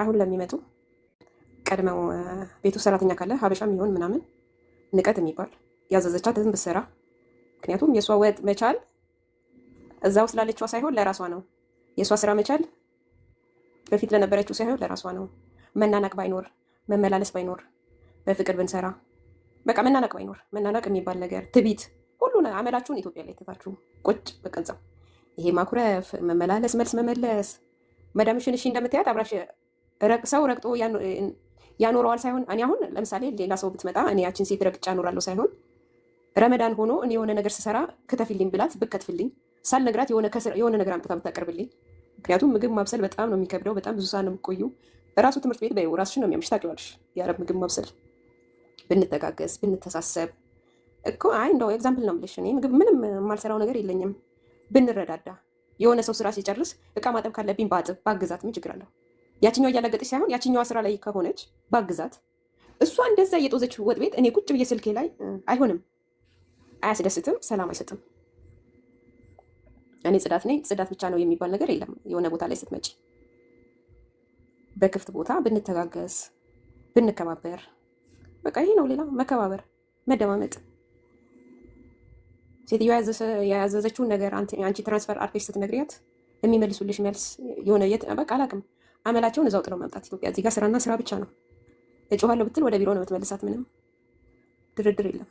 አሁን ለሚመጡ ቀድመው ቤቱ ሰራተኛ ካለ ሀበሻ የሚሆን ምናምን ንቀት የሚባል ያዘዘቻትን ብትሰራ። ምክንያቱም የእሷ ወጥ መቻል እዛ ውስጥ ላለችዋ ሳይሆን ለራሷ ነው። የእሷ ስራ መቻል በፊት ለነበረችው ሳይሆን ለራሷ ነው። መናናቅ ባይኖር፣ መመላለስ ባይኖር፣ በፍቅር ብንሰራ በቃ መናናቅ ባይኖር። መናናቅ የሚባል ነገር ትቢት፣ ሁሉ አመላችሁን ኢትዮጵያ ላይ ትታችሁ ቁጭ በቀንጻ ይሄ ማኩረፍ፣ መመላለስ፣ መልስ መመለስ መዳምሽን እሺ እንደምትያት አብራሽ ሰው ረግጦ ያኖረዋል ሳይሆን እኔ አሁን ለምሳሌ ሌላ ሰው ብትመጣ እኔ ያችን ሴት ረግጫ እኖራለሁ ሳይሆን ረመዳን ሆኖ እኔ የሆነ ነገር ስሰራ ክተፊልኝ ብላት ብከትፍልኝ ሳልነግራት የሆነ ነገር አምጥታ ብታቀርብልኝ ምክንያቱም ምግብ ማብሰል በጣም ነው የሚከብደው። በጣም ብዙ ሰዓት ነው የምትቆዩ። እራሱ ትምህርት ቤት በይው ራስሽ ነው የሚያምሽ ታውቂዋለሽ። የአረብ ምግብ ማብሰል ብንተጋገዝ ብንተሳሰብ እኮ አይ እንደው ኤግዛምፕል ነው የምልሽ። እኔ ምግብ ምንም የማልሰራው ነገር የለኝም። ብንረዳዳ የሆነ ሰው ስራ ሲጨርስ እቃ ማጠብ ካለብኝ በአጥብ ባግዛት ምን ችግር አለው? ያችኛዋ እያለገጠች ሳይሆን ያችኛዋ ስራ ላይ ከሆነች ባግዛት፣ እሷ እንደዛ እየጦዘች ወጥ ቤት እኔ ቁጭ ብዬ ስልኬ ላይ አይሆንም፣ አያስደስትም፣ ሰላም አይሰጥም። እኔ ጽዳት ነኝ ጽዳት ብቻ ነው የሚባል ነገር የለም። የሆነ ቦታ ላይ ስትመጪ በክፍት ቦታ ብንተጋገዝ ብንከባበር፣ በቃ ይሄ ነው። ሌላ መከባበር፣ መደማመጥ ሴትዮ ያዘዘችውን ነገር አንቺ ትራንስፈር አርፌሽ ስትነግሪያት የሚመልሱልሽ መልስ የሆነ በቃ አላቅም አመላቸውን እዛው ጥለው መምጣት ኢትዮጵያ እዚህ ጋር ስራና ስራ ብቻ ነው። እጮኋለሁ ብትል ወደ ቢሮ ነው የምትመልሳት። ምንም ድርድር የለም።